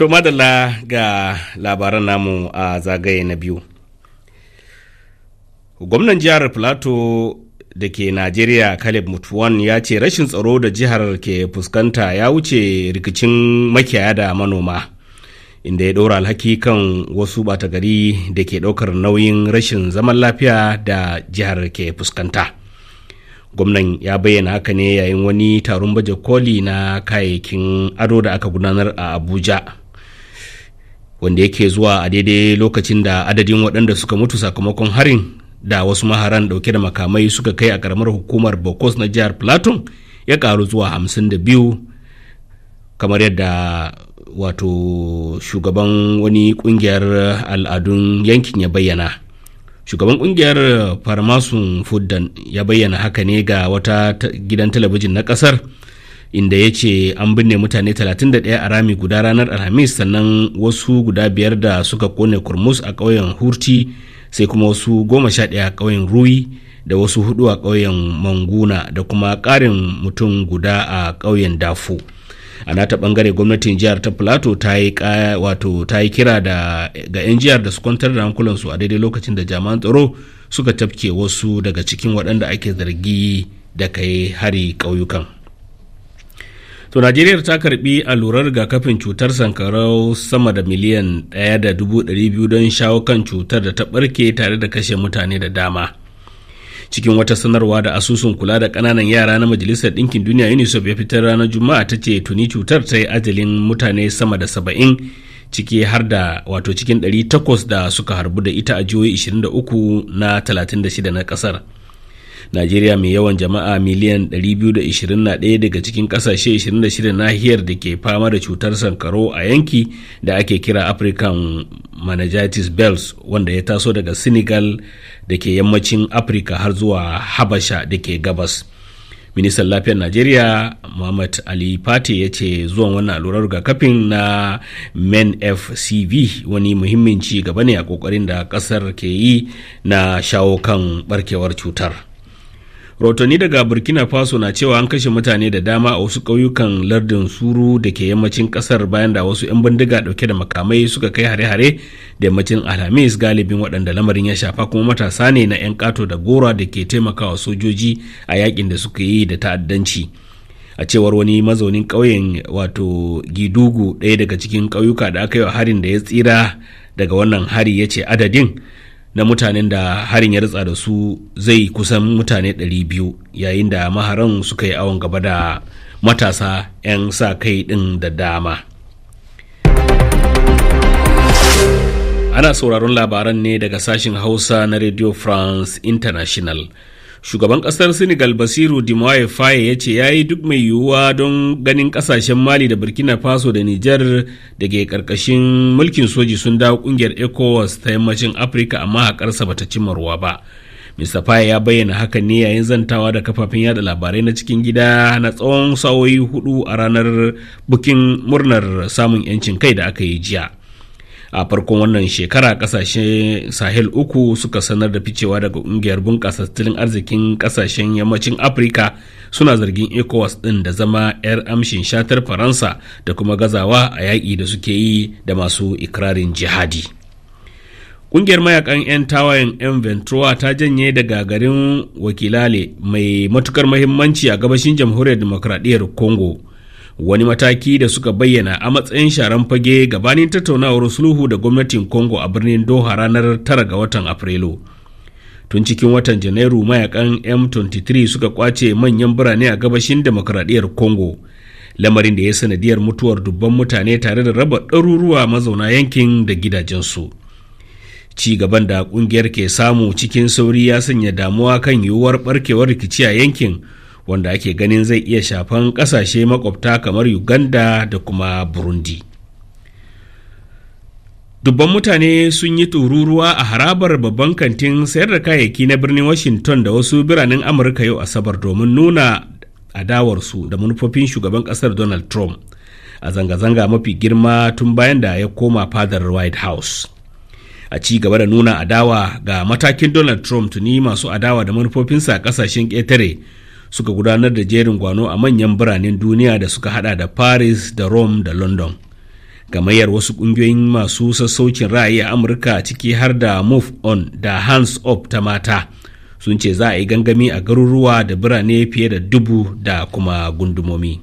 To madalla ga labaran namu a zagaye na biyu. Gwamnan jihar Filato da ke Najeriya Caleb Mutuwan ya ce rashin tsaro da jihar ke fuskanta ya wuce rikicin makiyaya da manoma. Inda ya ɗora alhaki kan wasu ɓata gari da ke ɗaukar nauyin rashin zaman lafiya da jihar ke fuskanta. gwamnan ya bayyana haka ne yayin wani taron baje koli na kayayyakin ado da aka gudanar a abuja wanda yake zuwa a daidai lokacin da adadin waɗanda suka mutu sakamakon harin da wasu maharan ɗauke da makamai suka kai a ƙaramar hukumar bokos na jihar platon ya ƙaru zuwa hamsin da biyu kamar yadda wato shugaban wani ƙungiyar al'adun yankin ya bayyana shugaban ƙungiyar farmasun fuddan ya bayyana haka ne ga wata gidan talabijin na ƙasar inda ya ce an binne mutane 31 a rami guda ranar alhamis sannan wasu guda biyar da suka kone kurmus a ƙauyen hurti sai kuma wasu goma sha ɗaya a ƙauyen ruwi da wasu hudu a ƙauyen manguna da kuma ƙarin mutum guda a ƙauyen dafo a nata bangare gwamnatin jihar ta plato ta yi ta yi kira da ga 'yan jihar da su kwantar da hankulansu a daidai lokacin da jami'an tsaro suka tafke wasu daga cikin waɗanda ake zargi da kai hari ƙauyukan. To Najeriya ta karbi allurar rigakafin cutar sankarau sama da miliyan ɗaya da biyu don shawo kan cutar da ta barke tare da kashe mutane da dama. Cikin wata sanarwa da asusun kula da ƙananan yara na Majalisar Ɗinkin Duniya UNICEF ya fitar ranar Juma'a ta ce tuni cutar ta yi ajalin mutane sama da saba'in ciki har da wato cikin ɗari takwas da suka harbu da ita a jihohi 23 na 36 na ƙasar. najeriya mai yawan jama'a miliyan 221 daga cikin kasashe 26 nahiyar da ke fama da cutar sankaro a yanki da ake kira african meningitis bells wanda ya taso daga senegal da ke yammacin afirka har zuwa habasha da ke gabas ministan lafiyar najeriya muhammad ali fati ya ce zuwan wannan ga kafin na menfcv wani muhimmin ci gaba ne a kokarin da kasar ke yi na shawo kan barkewar cutar rotoni daga burkina faso na cewa an kashe mutane da dama a wasu ƙauyukan lardin suru da ke yammacin ƙasar bayan da wasu 'yan bindiga ɗauke da makamai suka kai hare-hare da yammacin alhamis galibin waɗanda lamarin ya shafa kuma matasa ne na 'yan kato da gora da ke taimakawa sojoji a yakin da suka yi da ta'addanci a cewar wani mazaunin ƙauyen wato gidugu ɗaya daga cikin ƙauyuka da aka yi wa harin da ya tsira daga wannan hari ya ce adadin na mutanen da harin ya ritsa da su zai kusan mutane 200 yayin da maharan suka yi awon gaba da matasa 'yan sa kai ɗin da dama ana sauraron labaran ne daga sashen hausa na radio france international shugaban kasar senegal basiru dimoye faye ya ce ya yi duk mai yiwuwa don ganin kasashen mali da burkina faso da niger da ke karkashin mulkin soji sun dawo kungiyar ecowas ta yammacin afirka amma haƙarsa bata ruwa ba mr faye ya bayyana haka ne yayin zantawa da kafafen yada labarai na cikin gida na tsawon sa'o'i hudu a ranar bukin murnar samun 'yancin kai da aka yi jiya a farkon wannan shekara kasashen sahel uku suka sanar da ficewa daga ƙungiyar bunƙasa tattalin arzikin kasashen yammacin afirka suna zargin ecowas ɗin da zama 'yar amshin shatar faransa da kuma gazawa a yaƙi da suke yi da masu ikirarin jihadi. Ƙungiyar mayakan 'yan tawayen 'yan Ventura ta janye daga garin Wakilale mai matukar mahimmanci a gabashin jamhuriyar demokradiyyar Congo wani mataki da suka bayyana a matsayin sharan fage gabanin tattaunawar sulhu da gwamnatin congo a birnin doha ranar 9 ga watan afrilu tun cikin watan janairu mayakan m23 suka kwace manyan birane a gabashin demokradiyyar congo lamarin da ya sanadiyar mutuwar dubban mutane tare da raba ɗaruruwa mazauna yankin da gidajensu ci gaban da kungiyar ke samu cikin sauri ya sanya damuwa kan yiwuwar barkewar rikici a yankin wanda ake ganin zai iya shafan ƙasashe makwabta kamar uganda da kuma burundi dubban mutane sun yi tururuwa a harabar babban kantin sayar da kayayyaki na birnin washington da wasu biranen amurka yau asabar domin nuna adawarsu da manufofin shugaban kasar donald trump a zanga-zanga mafi girma tun bayan da ya koma fadar white house a ci gaba da nuna adawa ga matakin donald trump tuni masu adawa da manufofinsa a kasashen ƙetare suka gudanar da jerin gwano a manyan biranen duniya da suka hada da paris da rome da london gamayyar wasu kungiyoyin masu sassaucin ra'ayi a amurka ciki har da move on da hands up ta mata sun ce za a yi gangami a garuruwa da birane fiye da dubu da kuma gundumomi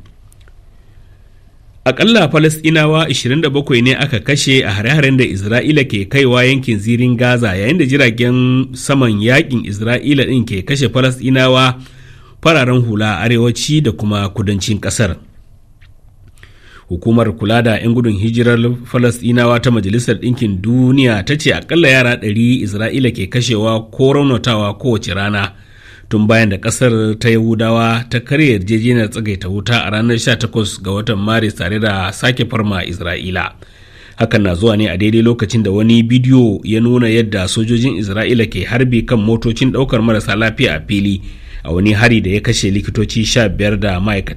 akalla falasɗinawa 27 ne aka kashe a hare-haren da isra'ila ke kaiwa yankin zirin gaza yayin da jiragen saman yaƙin isra'ila ɗin ke kashe falasɗinawa fararen hula arewaci da kuma kudancin kasar hukumar kula da 'yan gudun hijirar falasdinawa ta majalisar ɗinkin duniya ta ce akalla yara ɗari isra'ila ke kashewa ko raunatawa kowace rana tun bayan da ƙasar ta yahudawa ta karya yarjejeniyar tsagaita wuta a ranar 18 ga watan maris tare da sake farma isra'ila hakan na zuwa ne a daidai lokacin da wani bidiyo ya nuna yadda sojojin isra'ila ke harbi kan motocin ɗaukar marasa lafiya a fili a wani hari da ya kashe likitoci sha da ma'aikata